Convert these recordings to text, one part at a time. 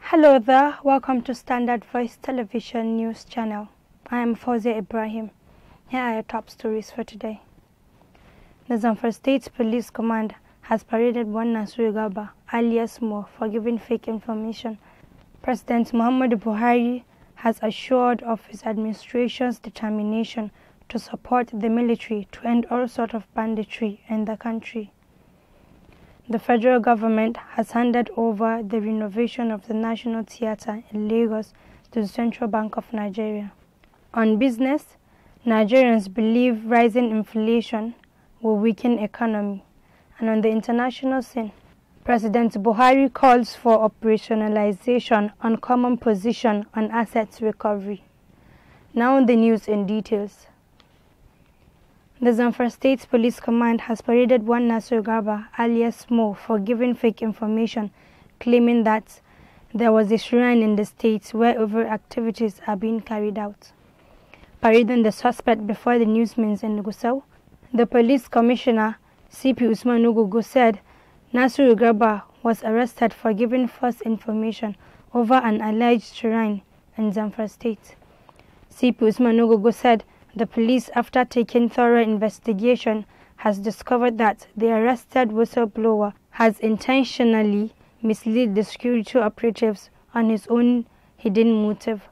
Hello there, welcome to Standard Voice Television News Channel. I am Fawzi Ibrahim. Here are your top stories for today. The Zamfara State Police Command has paraded one Nasru Gaba, alias Mo, for giving fake information President Muhammad Buhari has assured of his administration's determination to support the military to end all sort of banditry in the country. The federal government has handed over the renovation of the National Theatre in Lagos to the Central Bank of Nigeria. On business, Nigerians believe rising inflation will weaken economy. And on the international scene, President Buhari calls for operationalization on common position on assets recovery. Now the news in details. The Zamfara State Police Command has paraded one Nasir Garba, alias Mo, for giving fake information, claiming that there was a shrine in the state where over activities are being carried out. Parading the suspect before the newsmen in Gusau, the police commissioner, CP Usman Ugugu, said Nasiru Garba was arrested for giving false information over an alleged shrine in Zamfara state. Sipu Usman said the police, after taking thorough investigation, has discovered that the arrested whistleblower has intentionally misled the security operatives on his own hidden motive.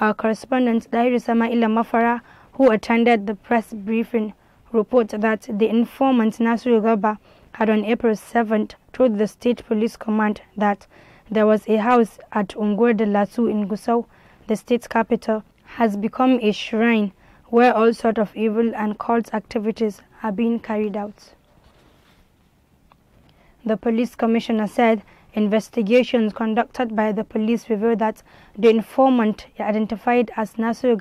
Our correspondent Dahiru Samaila Mafara, who attended the press briefing, reports that the informant Nasiru Garba had on April 7th told the state police command that there was a house at Ungwe de Lasu in Gusau, the state's capital, has become a shrine where all sorts of evil and cult activities are being carried out. The police commissioner said investigations conducted by the police revealed that the informant identified as Nasir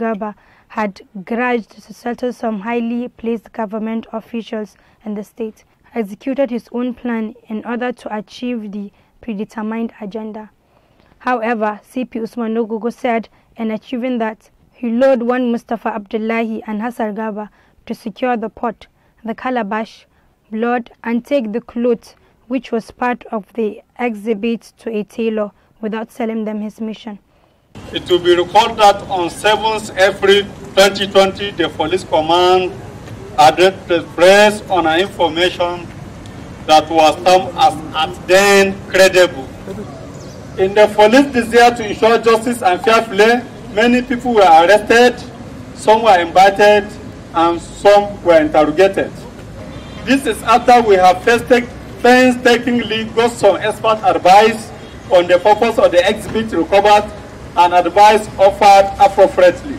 had grudged to settle some highly placed government officials in the state executed his own plan in order to achieve the predetermined agenda. However, CP Usman Nogogo said in achieving that, he lured one Mustafa Abdullahi and Hassar Gaba to secure the pot, the calabash, blood, and take the cloth, which was part of the exhibit to a tailor, without selling them his mission. It will be recalled that on 7th April 2020, the police command addressed press on an information that was termed as at then credible. In the police desire to ensure justice and fair play, many people were arrested, some were invited, and some were interrogated. This is after we have painstakingly got some expert advice on the purpose of the exhibit recovered and advice offered appropriately.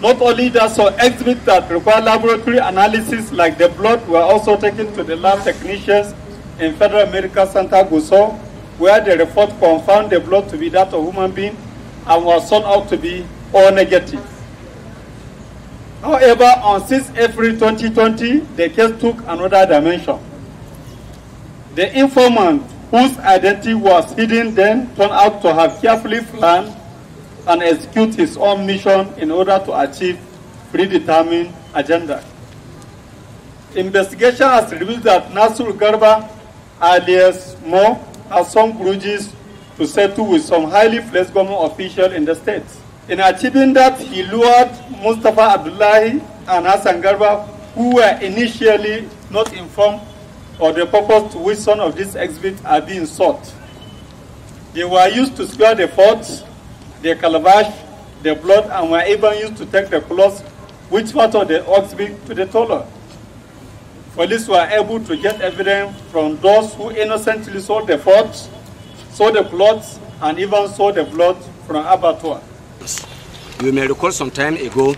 Not only that, so exhibits that require laboratory analysis like the blood were also taken to the lab technicians in Federal Medical Center Gusau, where the report confirmed the blood to be that of human being and was turned out to be O negative. However, on 6 April 2020, the case took another dimension. The informant, whose identity was hidden then, turned out to have carefully planned and execute his own mission in order to achieve predetermined agenda. Investigation has revealed that Nasrul Garba, alias Mo, has some grudges to settle with some highly placed government officials in the state. In achieving that, he lured Mustafa Abdullahi and Hassan Garba, who were initially not informed of the purpose to which some of these exhibits are being sought. They were used to square the forts. the calabash, the blood, and were even used to take the clothes which part of the ox be to the taller. Police were able to get evidence from those who innocently sold the forts, sold the clothes, and even sold the blood from abattoir. You may recall some time ago,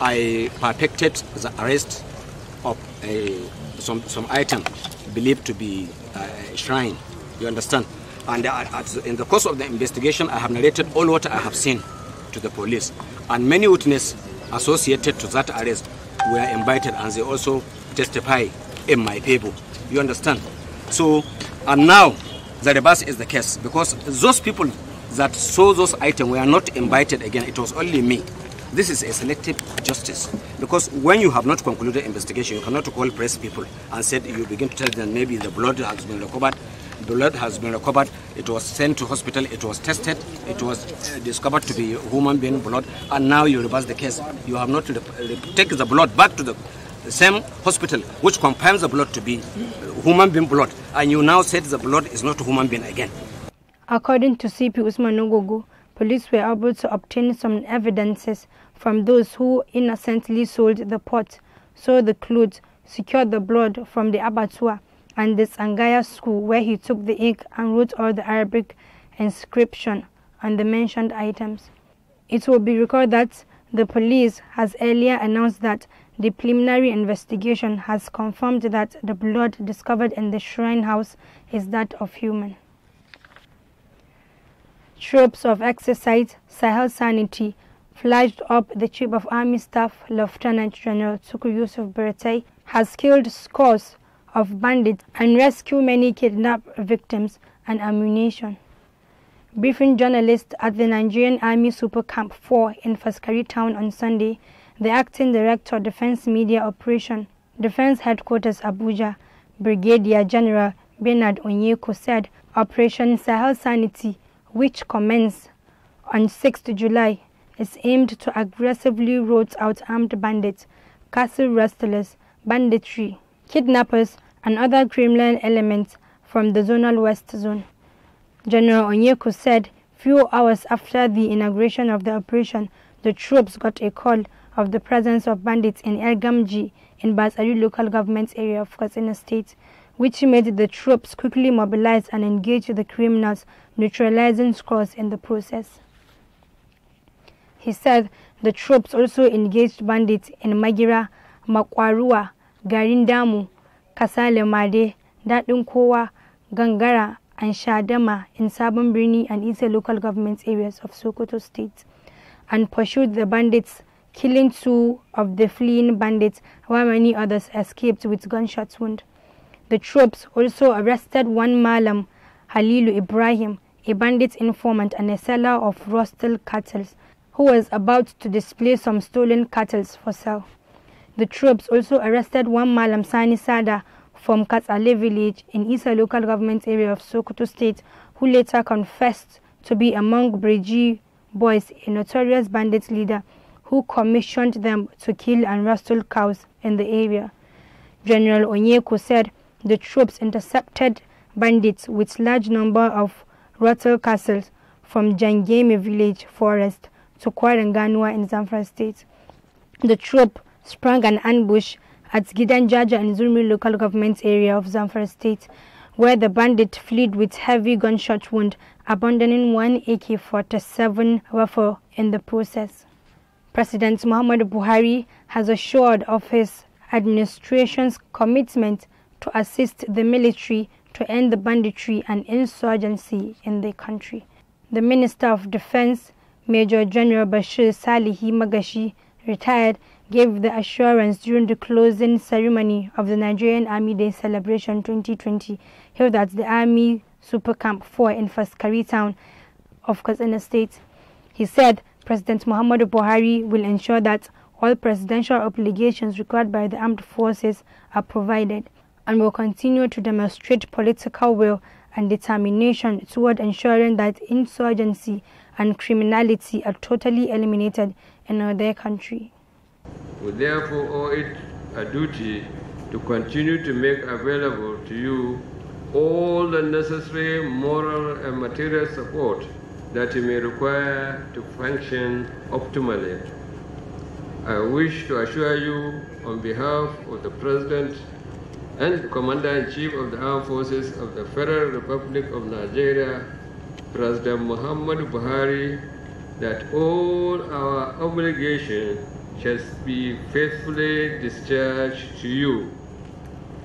I perfected the arrest of a, some, some item believed to be uh, a shrine. You understand? And uh, in the course of the investigation, I have narrated all what I have seen to the police. And many witnesses associated to that arrest were invited and they also testify in my favor. You understand? So, and now the reverse is the case because those people that saw those items were not invited again. It was only me. This is a selective justice because when you have not concluded investigation, you cannot call press people and said you begin to tell them maybe the blood has been recovered blood has been recovered. It was sent to hospital. It was tested. It was uh, discovered to be human being blood. And now you reverse the case. You have not take the blood back to the same hospital which confirms the blood to be human being blood. And you now said the blood is not human being again. According to CP Usman Ogogo, police were able to obtain some evidences from those who innocently sold the pot, sold the clothes, secured the blood from the abattoir and the Sangaya school where he took the ink and wrote all the Arabic inscription on the mentioned items. It will be recalled that the police has earlier announced that the preliminary investigation has confirmed that the blood discovered in the shrine house is that of human. Troops of exercise Sahel Sanity flashed up the Chief of Army Staff Lieutenant General Tuku Yusuf Berete has killed scores of bandits and rescue many kidnapped victims and ammunition. Briefing journalists at the Nigerian Army Super Camp 4 in Faskari town on Sunday, the acting director Defense Media Operation, Defense Headquarters Abuja, Brigadier General Bernard Onyeko said Operation Sahel Sanity, which commenced on 6 July, is aimed to aggressively root out armed bandits, castle rustlers, banditry, kidnappers and other Kremlin elements from the zonal west zone. General Onyeko said few hours after the inauguration of the operation, the troops got a call of the presence of bandits in Ergamji in Basari local government area of Katsina state, which made the troops quickly mobilize and engage the criminals, neutralizing scores in the process. He said the troops also engaged bandits in Magira, Makwarua, garin damu kasale made daɗin kowa gangara and Shadama in Sabon Birni and Ise local government areas of Sokoto state and pursued the bandits, killing two of the fleeing bandits while many others escaped with gunshot wound. The troops also arrested one Malam Halilu Ibrahim, a bandit informant and a seller of rustle cattle, who was about to display some stolen cattle for sale. The troops also arrested one Malam Sani Sada from Katsale village in Isa local government area of Sokoto state who later confessed to be among Breji boys, a notorious bandit leader who commissioned them to kill and rustle cows in the area. General Onyeko said the troops intercepted bandits with large number of rattle castles from Jangeme village forest to Kwaranganwa in Zamfara state. The troop sprang an ambush at Gidanjaja and Zurmi local government area of Zamfara state, where the bandit fled with heavy gunshot wound, abandoning one AK-47 rifle in the process. President Muhammad Buhari has assured of his administration's commitment to assist the military to end the banditry and insurgency in the country. The Minister of Defense, Major General Bashir Salihi Magashi, retired gave the assurance during the closing ceremony of the Nigerian Army Day celebration 2020 held at the Army Super Camp 4 in Faskari town of Katsina State. He said President Muhammadu Buhari will ensure that all presidential obligations required by the armed forces are provided and will continue to demonstrate political will and determination toward ensuring that insurgency and criminality are totally eliminated in our country. We therefore owe it a duty to continue to make available to you all the necessary moral and material support that you may require to function optimally. I wish to assure you on behalf of the President and Commander-in-Chief of the Armed Forces of the Federal Republic of Nigeria, President Muhammad Buhari, that all our obligations shall be faithfully discharged to you.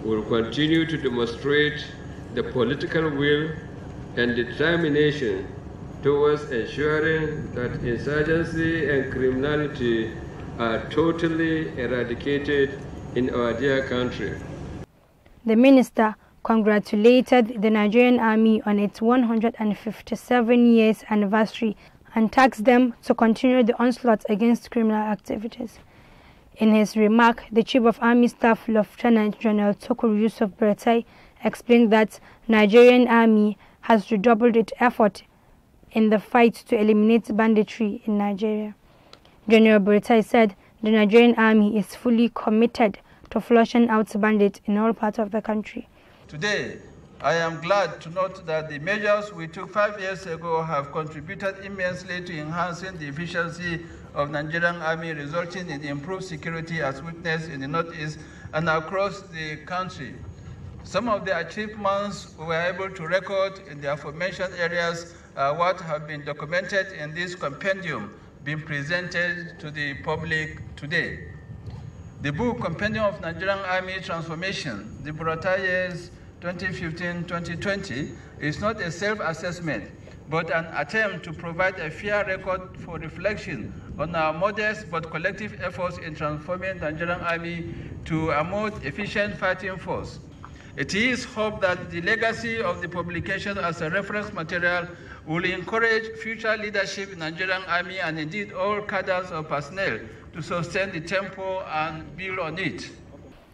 We will continue to demonstrate the political will and determination towards ensuring that insurgency and criminality are totally eradicated in our dear country. The minister congratulated the Nigerian army on its 157 years anniversary and tax them to continue the onslaught against criminal activities. In his remark, the Chief of Army Staff Lieutenant General Tokur Yusuf Bertai explained that Nigerian Army has redoubled its effort in the fight to eliminate banditry in Nigeria. General Bertai said the Nigerian Army is fully committed to flushing out bandits in all parts of the country. Today, I am glad to note that the measures we took five years ago have contributed immensely to enhancing the efficiency of Nigerian Army, resulting in improved security as witnessed in the Northeast and across the country. Some of the achievements we were able to record in the aforementioned areas are what have been documented in this compendium being presented to the public today. The book Compendium of Nigerian Army Transformation, the Burataye's 2015-2020 is not a self-assessment, but an attempt to provide a fair record for reflection on our modest but collective efforts in transforming the Nigerian Army to a more efficient fighting force. It is hoped that the legacy of the publication as a reference material will encourage future leadership in Nigerian Army and indeed all cadres of personnel to sustain the tempo and build on it.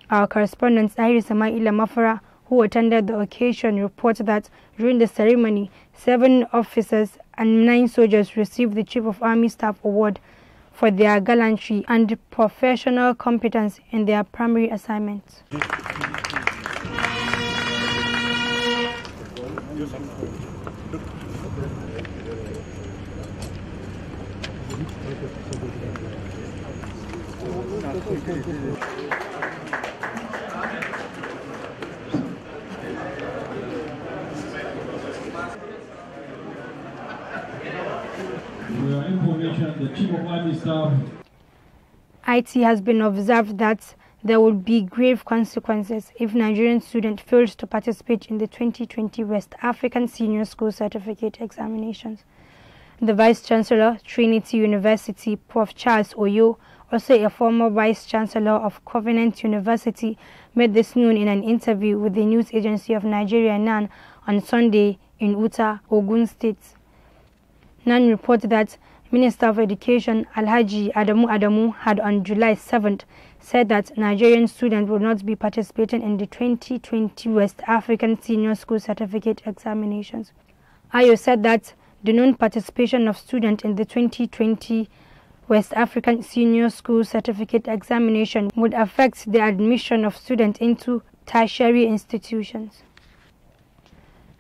Our correspondent Iris Amaila Mafara who attended the occasion reported that during the ceremony, seven officers and nine soldiers received the Chief of Army Staff Award for their gallantry and professional competence in their primary assignments. the Chief of Army Staff. IT has been observed that there will be grave consequences if Nigerian students fail to participate in the 2020 West African Senior School Certificate examinations. The Vice Chancellor, Trinity University, Prof. Charles Oyo, also a former Vice Chancellor of Covenant University, made this known in an interview with the news agency of Nigeria NAN on Sunday in Uta, Ogun State. NAN reported that Minister of Education Alhaji Adamu Adamu had on July 7th said that Nigerian students will not be participating in the 2020 West African Senior School Certificate examinations. Ayo said that the non-participation of students in the 2020 West African Senior School Certificate examination would affect the admission of students into tertiary institutions.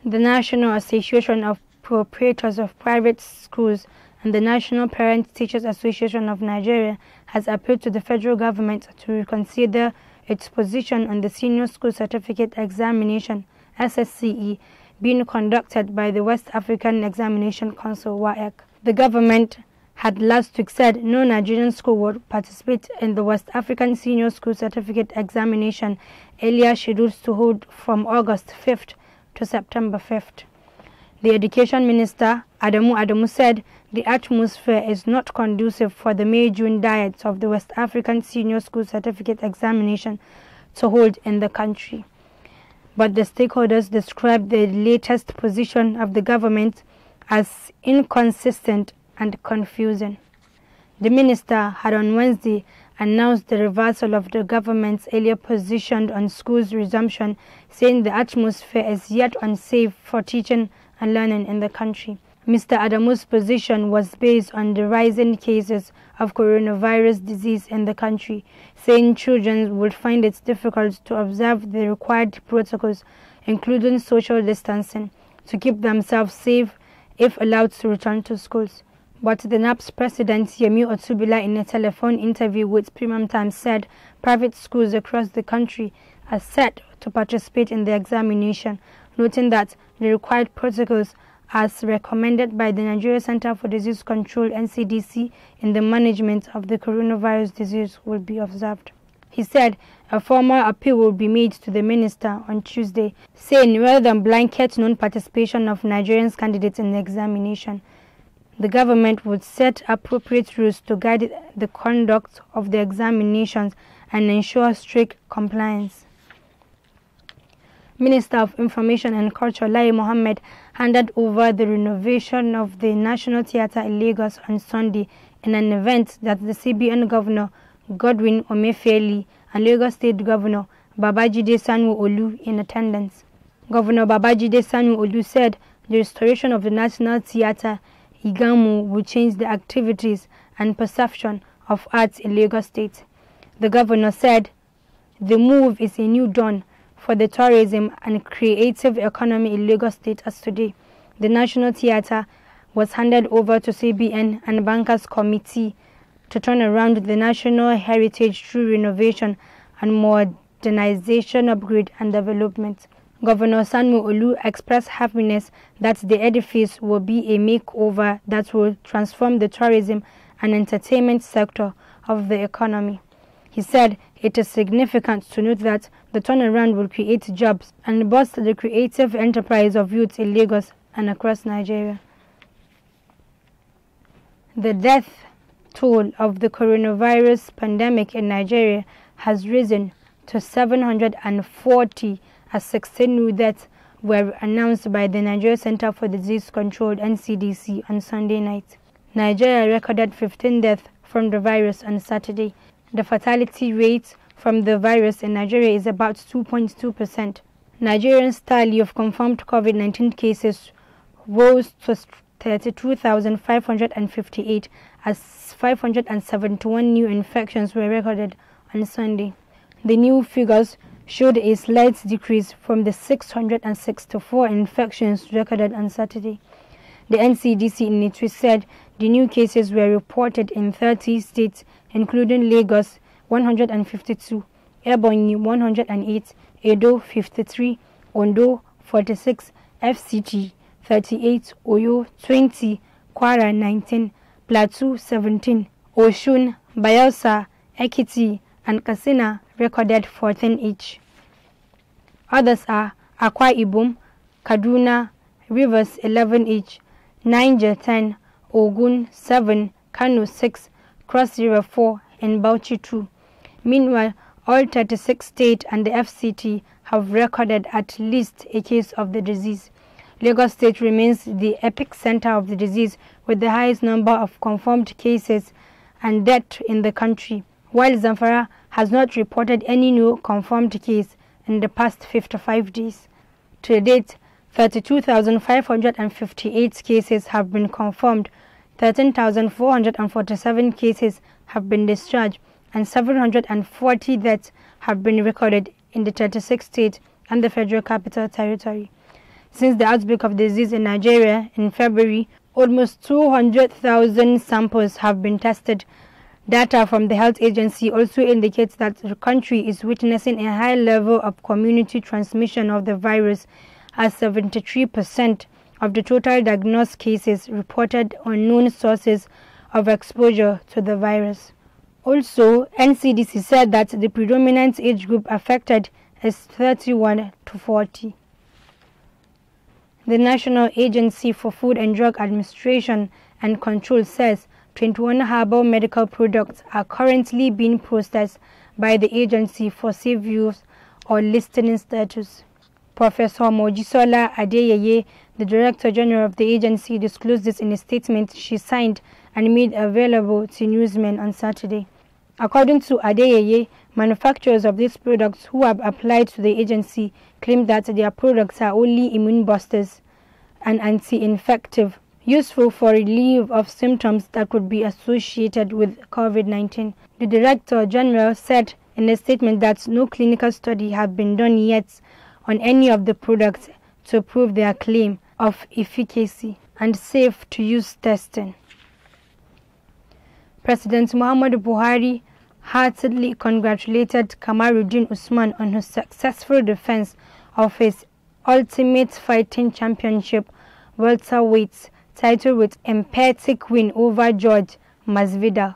The National Association of Proprietors of Private Schools and the National Parent Teachers Association of Nigeria has appealed to the federal government to reconsider its position on the Senior School Certificate Examination SSCE being conducted by the West African Examination Council WAEC. The government had last week said no Nigerian school would participate in the West African Senior School Certificate Examination earlier scheduled to hold from August 5th to September 5th. The Education Minister, Adamu Adamu, said the atmosphere is not conducive for the May-June diets of the West African Senior School Certificate Examination to hold in the country. But the stakeholders described the latest position of the government as inconsistent and confusing. The minister had on Wednesday announced the reversal of the government's earlier position on schools resumption, saying the atmosphere is yet unsafe for teaching and learning in the country. Mr. Adamu's position was based on the rising cases of coronavirus disease in the country, saying children would find it difficult to observe the required protocols, including social distancing, to keep themselves safe if allowed to return to schools. But the NAP's president, Yemi Otubila, in a telephone interview with Premium Times, said private schools across the country are set to participate in the examination, noting that the required protocols as recommended by the Nigeria Center for Disease Control NCDC in the management of the coronavirus disease will be observed. He said a formal appeal will be made to the minister on Tuesday, saying rather than blanket non-participation of Nigerian candidates in the examination, the government would set appropriate rules to guide the conduct of the examinations and ensure strict compliance. Minister of Information and Culture Lai Mohammed handed over the renovation of the National Theatre in Lagos on Sunday in an event that the CBN Governor Godwin Omefeli and Lagos State Governor Babajide Sanwo-Olu in attendance. Governor Babajide Sanwo-Olu said the restoration of the National Theatre Igamu will change the activities and perception of arts in Lagos State. The governor said the move is a new dawn for the tourism and creative economy in Lagos State as today. The National Theatre was handed over to CBN and Bankers Committee to turn around the national heritage through renovation and modernization upgrade and development. Governor Sanmu Olu expressed happiness that the edifice will be a makeover that will transform the tourism and entertainment sector of the economy. He said it is significant to note that the turnaround will create jobs and boost the creative enterprise of youth in Lagos and across Nigeria. The death toll of the coronavirus pandemic in Nigeria has risen to 740 as 16 new deaths were announced by the Nigeria Center for Disease Control NCDC on Sunday night. Nigeria recorded 15 deaths from the virus on Saturday. The fatality rate from the virus in Nigeria is about 2.2%. Nigerians' tally of confirmed COVID 19 cases rose to 32,558 as 571 new infections were recorded on Sunday. The new figures showed a slight decrease from the 664 infections recorded on Saturday. The NCDC in it said the new cases were reported in 30 states including Lagos 152, Ebonyi 108, Edo 53, Ondo 46, FCT 38, Oyo 20, Kwara 19, Plateau 17, Oshun, Bayelsa, Ekiti, and Katsina recorded 14 each. Others are Akwa Ibom, Kaduna, Rivers 11 each, Niger 10, Ogun 7, Kano 6, Cross 04 and Bauchi 2. Meanwhile, all 36 state and the FCT have recorded at least a case of the disease. Lagos State remains the epicenter of the disease with the highest number of confirmed cases and death in the country, while Zamfara has not reported any new confirmed case in the past 55 days. To date, 32,558 cases have been confirmed 13,447 cases have been discharged and 740 deaths have been recorded in the 36 states and the Federal Capital Territory. Since the outbreak of disease in Nigeria in February, almost 200,000 samples have been tested. Data from the health agency also indicates that the country is witnessing a high level of community transmission of the virus at 73 percent of the total diagnosed cases reported on known sources of exposure to the virus. Also, NCDC said that the predominant age group affected is 31 to 40. The National Agency for Food and Drug Administration and Control says 21 herbal medical products are currently being processed by the agency for safe use or listing status. Professor Mojisola Adeyeye the Director General of the agency disclosed this in a statement she signed and made available to newsmen on Saturday. According to Adeyeye, manufacturers of these products who have applied to the agency claim that their products are only immune boosters, and anti-infective, useful for relief of symptoms that could be associated with COVID-19. The Director General said in a statement that no clinical study have been done yet on any of the products to prove their claim of efficacy and safe to use testing. President Muhammadu Buhari heartily congratulated Kamaruddin Usman on his successful defense of his Ultimate Fighting Championship welterweight title with emphatic win over George Masvidal.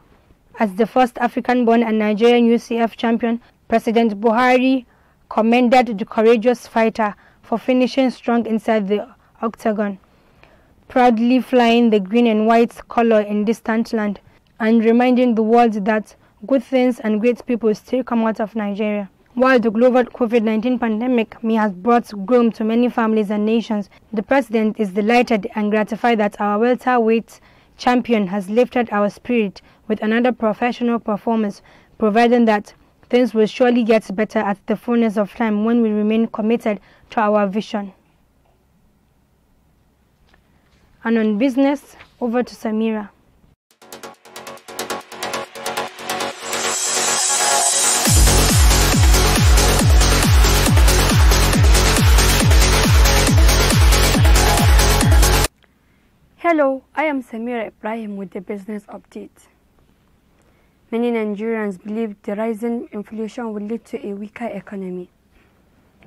As the first African-born and Nigerian UCF champion, President Buhari commended the courageous fighter for finishing strong inside the octagon, proudly flying the green and white color in distant land and reminding the world that good things and great people still come out of Nigeria. While the global COVID-19 pandemic may have brought gloom to many families and nations, the president is delighted and gratified that our welterweight champion has lifted our spirit with another professional performance, providing that things will surely get better at the fullness of time when we remain committed to our vision. And on business, over to Samira. Hello, I am Samira Ibrahim with the business update. Many Nigerians believe the rising inflation will lead to a weaker economy.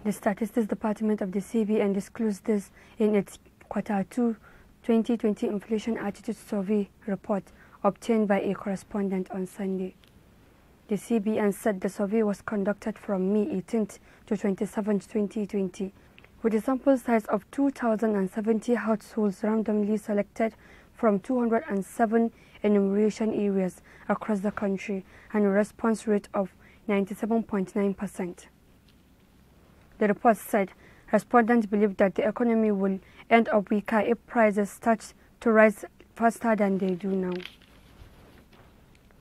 The Statistics Department of the CBN disclosed this in its quarter two 2020 Inflation Attitude Survey report obtained by a correspondent on Sunday. The CBN said the survey was conducted from May 18th to 27, 2020, with a sample size of 2,070 households randomly selected from 207 enumeration areas across the country and a response rate of 97.9%. The report said respondents believe that the economy will end of week, uh, if prices start to rise faster than they do now.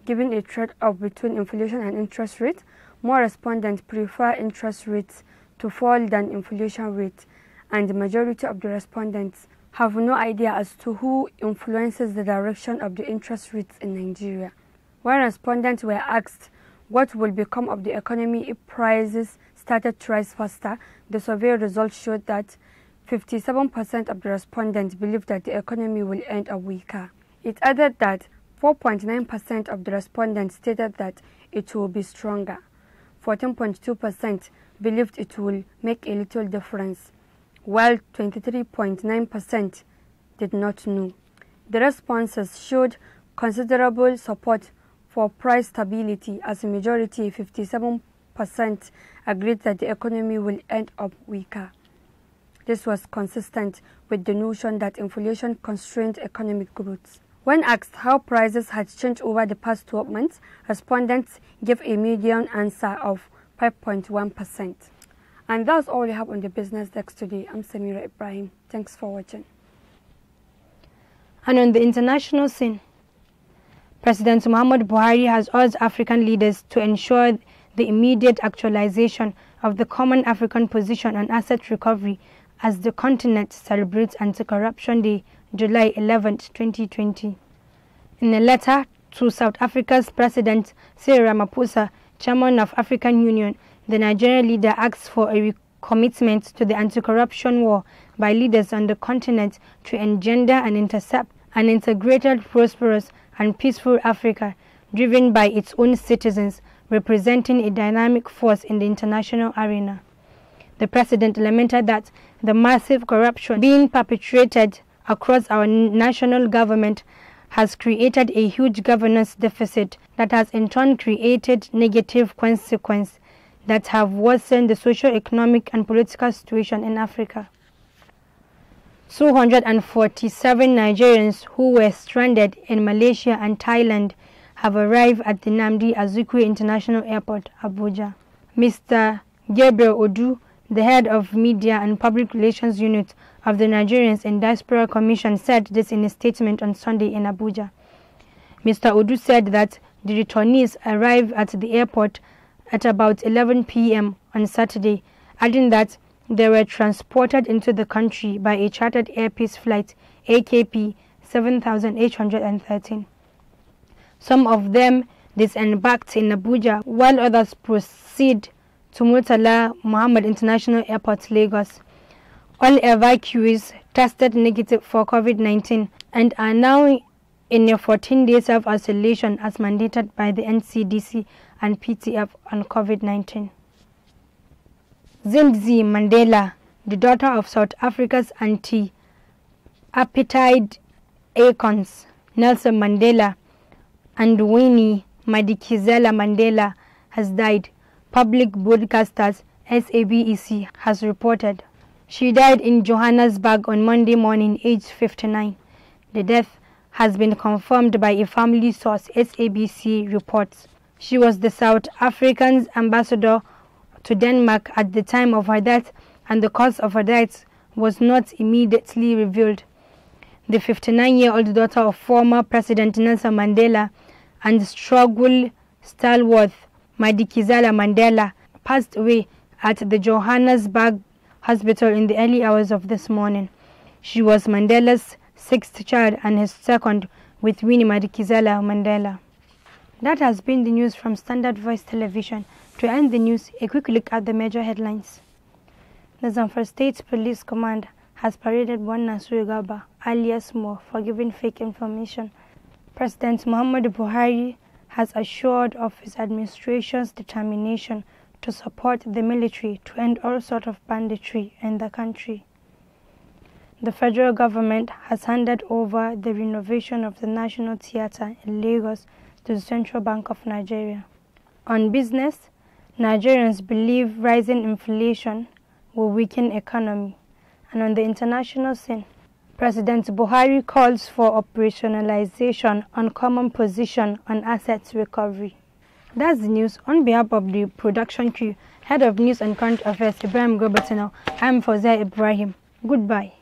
Given a trade-off between inflation and interest rate, more respondents prefer interest rates to fall than inflation rates, and the majority of the respondents have no idea as to who influences the direction of the interest rates in Nigeria. When respondents were asked what will become of the economy if prices started to rise faster, the survey results showed that 57% of the respondents believe that the economy will end up weaker. It added that 4.9% of the respondents stated that it will be stronger. 14.2% believed it will make a little difference, while 23.9% did not know. The responses showed considerable support for price stability as a majority 57% agreed that the economy will end up weaker. This was consistent with the notion that inflation constrained economic growth. When asked how prices had changed over the past 12 months, respondents gave a median answer of 5.1%. And that's all we have on the business desk today. I'm Samira Ibrahim. Thanks for watching. And on the international scene, President Muhammad Buhari has urged African leaders to ensure the immediate actualization of the common African position on asset recovery as the continent celebrates Anti-Corruption Day, July 11, 2020. In a letter to South Africa's President Cyril Ramaphosa, Chairman of African Union, the Nigerian leader asks for a commitment to the anti-corruption war by leaders on the continent to engender and intercept an integrated, prosperous and peaceful Africa driven by its own citizens, representing a dynamic force in the international arena. The president lamented that the massive corruption being perpetrated across our national government has created a huge governance deficit that has in turn created negative consequences that have worsened the socio-economic and political situation in Africa. 247 Nigerians who were stranded in Malaysia and Thailand have arrived at the Namdi Azikiwe International Airport, Abuja. Mr. Gabriel Odu, the head of Media and Public Relations Unit of the Nigerians in Diaspora Commission, said this in a statement on Sunday in Abuja. Mr. Odu said that the returnees arrived at the airport at about 11 p.m. on Saturday, adding that they were transported into the country by a chartered Air Peace flight AKP 7813. Some of them disembarked in Abuja while others proceed to Murtala Muhammad International Airport, Lagos. All evacuees tested negative for COVID-19 and are now in a 14-day self-isolation as mandated by the NCDC and PTF on COVID-19. Zindzi Mandela, the daughter of South Africa's anti-apartheid icons Nelson Mandela and Winnie Madikizela Mandela has died Public Broadcasters SABEC has reported. She died in Johannesburg on Monday morning, aged 59. The death has been confirmed by a family source, SABC reports. She was the South African's ambassador to Denmark at the time of her death, and the cause of her death was not immediately revealed. The 59 year old daughter of former President Nelson Mandela and struggle stalwart Madikizala Mandela passed away at the Johannesburg Hospital in the early hours of this morning. She was Mandela's sixth child and his second with Winnie Madikizela Mandela. That has been the news from Standard Voice Television. To end the news, a quick look at the major headlines. The Zamfara State Police Command has paraded one Nasu Gaba, alias Mo, for giving fake information. President Muhammadu Buhari has assured of his administration's determination to support the military to end all sort of banditry in the country. The federal government has handed over the renovation of the National Theatre in Lagos to the Central Bank of Nigeria. On business, Nigerians believe rising inflation will weaken economy. And on the international scene, President Buhari calls for operationalization on common position on assets recovery. That's the news. On behalf of the production crew, head of news and current affairs Ibrahim Gobertinov, I'm Fozia Ibrahim. Goodbye.